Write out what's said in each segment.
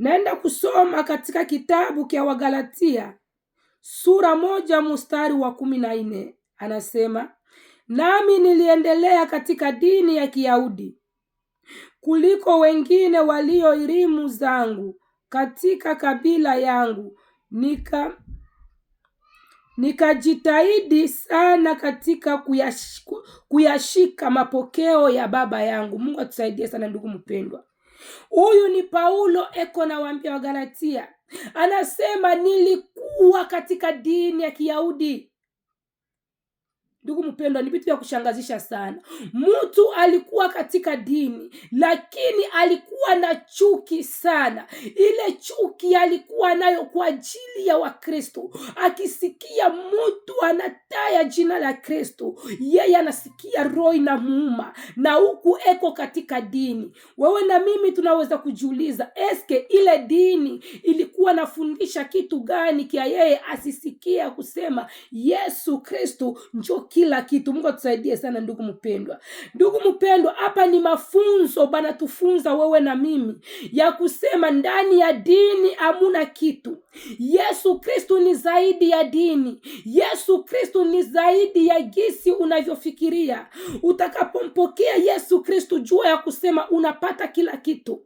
Naenda kusoma katika kitabu kya Wagalatia sura moja mstari wa kumi na nne anasema, nami niliendelea katika dini ya Kiyahudi kuliko wengine walio elimu zangu katika kabila yangu, nika nikajitahidi sana katika kuyashika, kuyashika mapokeo ya baba yangu. Mungu atusaidie sana ndugu mpendwa. Huyu ni Paulo eko nawaambia Wagalatia, anasema nilikuwa katika dini ya Kiyahudi, Ndugu mpendwa, ni vitu vya kushangazisha sana. Mtu alikuwa katika dini, lakini alikuwa na chuki sana. Ile chuki alikuwa nayo kwa ajili ya Wakristo. Akisikia mtu anataya jina la Kristo, yeye anasikia roho inamuuma, na huku eko katika dini. Wewe na mimi tunaweza kujiuliza, eske ile dini ilikuwa nafundisha kitu gani kia yeye asisikia kusema Yesu Kristo njoo kila kitu. Mungu atusaidie sana ndugu mpendwa. Ndugu mpendwa, hapa ni mafunzo Bwana tufunza wewe na mimi ya kusema ndani ya dini hamuna kitu. Yesu Kristu ni zaidi ya dini. Yesu Kristu ni zaidi ya gisi unavyofikiria. Utakapompokea Yesu Kristu, jua ya kusema unapata kila kitu.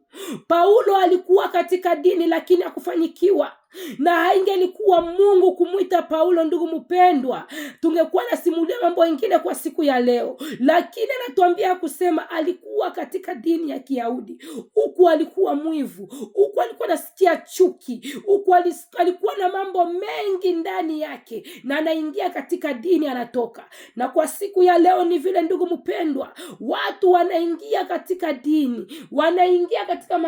Paulo alikuwa katika dini lakini hakufanyikiwa na haingelikuwa Mungu kumwita Paulo ndugu mpendwa, tungekuwa nasimulia mambo mengine kwa siku ya leo, lakini anatuambia kusema alikuwa katika dini ya Kiyahudi, huku alikuwa mwivu, huku alikuwa anasikia chuki huku alikuwa na mambo mengi ndani yake, na anaingia katika dini anatoka. Na kwa siku ya leo ni vile, ndugu mpendwa, watu wanaingia katika dini, wanaingia katika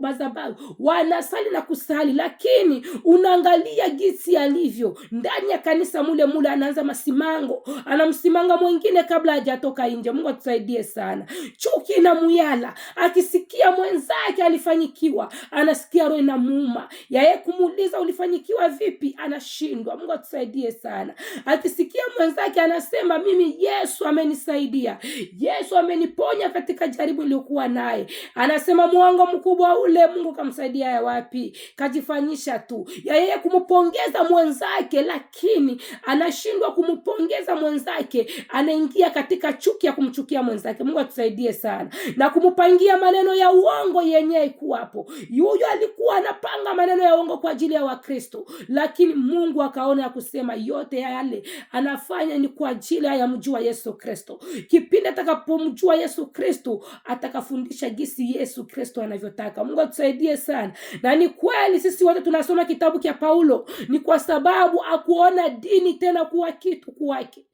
madhabahu, wanasali na kusali, lakini unaangalia gisi alivyo ndani ya kanisa mule mule, anaanza masimango, anamsimanga mwingine kabla hajatoka nje. Mungu atusaidie sana. Chuki muyala akisikia mwenzake alifanyikiwa, anasikia roho inamuuma yaye kumuuliza ulifanyikiwa vipi anashindwa mungu atusaidie sana akisikia mwenzake anasema mimi yesu amenisaidia yesu ameniponya katika jaribu iliyokuwa naye anasema mwango mkubwa ule mungu kamsaidia ya wapi kajifanyisha tu ya yeye kumpongeza mwenzake lakini anashindwa kumpongeza mwenzake anaingia katika chuki ya kumchukia mwenzake mungu atusaidie sana na kumpangia maneno ya uongo yenyewe kuwapo Yuyo alikuwa alikuwa anapanga maneno ya uongo kwa ajili ya Wakristo, lakini Mungu akaona ya kusema yote yale anafanya ni kwa ajili ya mjua Yesu Kristo. Kipindi atakapomjua Yesu Kristo, atakafundisha gisi Yesu Kristo anavyotaka. Mungu atusaidie sana, na ni kweli sisi wote tunasoma kitabu cha Paulo, ni kwa sababu akuona dini tena kuwa kitu kwake,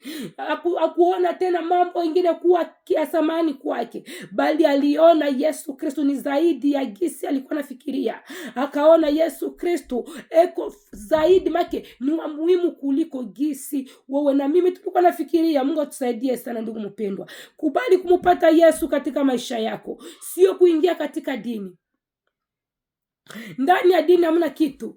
akuona tena mambo ingine kuwa ya thamani kwake, bali aliona Yesu Kristo ni zaidi ya gisi alikuwa anafikiria akaona Yesu Kristu eko zaidi make ni wa muhimu kuliko gisi wewe na mimi tulikuwa nafikiria. Mungu atusaidie sana, ndugu mpendwa, kubali kumupata Yesu katika maisha yako, sio kuingia katika dini. Ndani ya dini hamna kitu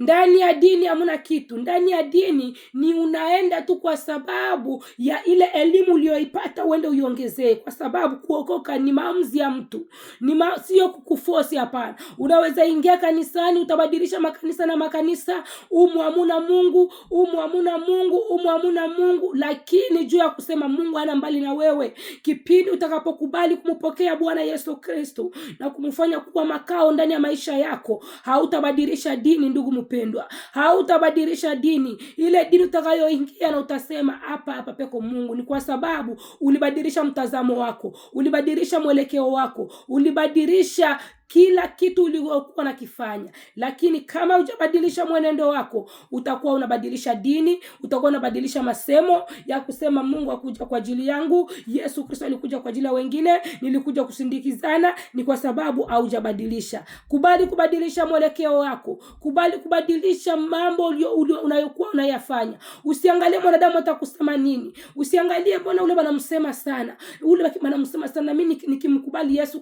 ndani ya dini hamuna kitu. Ndani ya dini ni unaenda tu kwa sababu ya ile elimu uliyoipata uende uiongezee, kwa sababu kuokoka ni maamuzi ya mtu, ni ma, sio kukuforce. Hapana, unaweza ingia kanisani utabadilisha makanisa na makanisa, umu hamuna Mungu, umu hamuna Mungu, umu hamuna Mungu, lakini juu ya kusema Mungu ana mbali na wewe, kipindi utakapokubali kumpokea Bwana Yesu Kristo na kumfanya kuwa makao ndani ya maisha yako, hautabadilisha dini, ndugu mpendwa, hautabadilisha dini ile dini utakayoingia, na utasema hapa hapa peko Mungu, ni kwa sababu ulibadilisha mtazamo wako, ulibadilisha mwelekeo wako, ulibadilisha kila kitu uliokuwa nakifanya, lakini kama hujabadilisha mwenendo wako, utakuwa unabadilisha dini, utakuwa unabadilisha masemo ya kusema Mungu akuja kwa ajili yangu, Yesu Kristo alikuja kwa ajili ya wengine, nilikuja kusindikizana. Ni kwa sababu haujabadilisha. Kubali kubadilisha mwelekeo wako, kubali kubadilisha mambo unayokuwa unayafanya. Usiangalie mwanadamu atakusema nini, usiangalie mbona ule banamsema sana, ule banamsema sana, mimi nikimkubali Yesu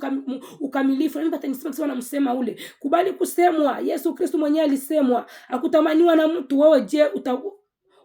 ukamilifu msema sawa ule. Kubali kusemwa. Yesu Kristo mwenyewe alisemwa, akutamaniwa na mtu wewe. Je, uta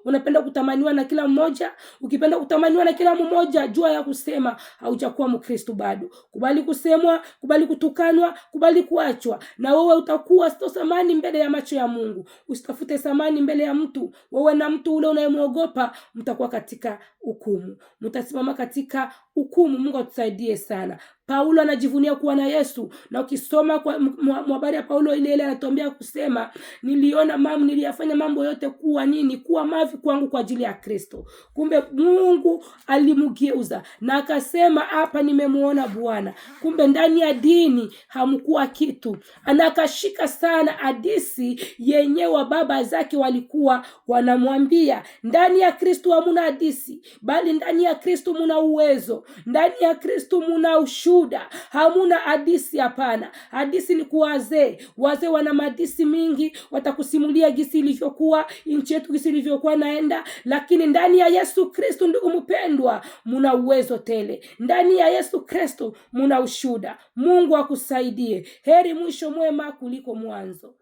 unapenda kutamaniwa na kila mmoja? Ukipenda kutamaniwa na kila mmoja, jua ya kusema haujakuwa Mkristo bado. Kubali kusemwa, kubali kutukanwa, kubali kuachwa, na wewe utakuwa sio samani mbele ya macho ya Mungu. Usitafute samani mbele ya mtu. Wewe na mtu ule unayemwogopa mtakuwa katika hukumu, mtasimama katika hukumu. Mungu atusaidie sana. Paulo anajivunia kuwa na Yesu, na ukisoma kwa mwabari ya Paulo ile ile anatuambia kusema, niliona mamu, niliyafanya mambo yote kuwa nini? Kuwa mavi kwangu kwa ajili ya Kristo. Kumbe Mungu alimgeuza na akasema, hapa nimemuona Bwana. Kumbe ndani ya dini hamkuwa kitu, na akashika sana hadisi wa baba zake walikuwa wanamwambia, ndani ya Kristo hamuna hadisi, bali ndani ya Kristo muna uwezo, ndani ya Kristo muna ushu ushuhuda, hamuna hadisi. Hapana, hadisi ni kwa wazee. Wazee wana madisi mingi, watakusimulia gisi ilivyokuwa nchi yetu, gisi ilivyokuwa naenda. Lakini ndani ya Yesu Kristo, ndugu mpendwa, muna uwezo tele. Ndani ya Yesu Kristo muna ushuda Mungu akusaidie. Heri mwisho mwema kuliko mwanzo.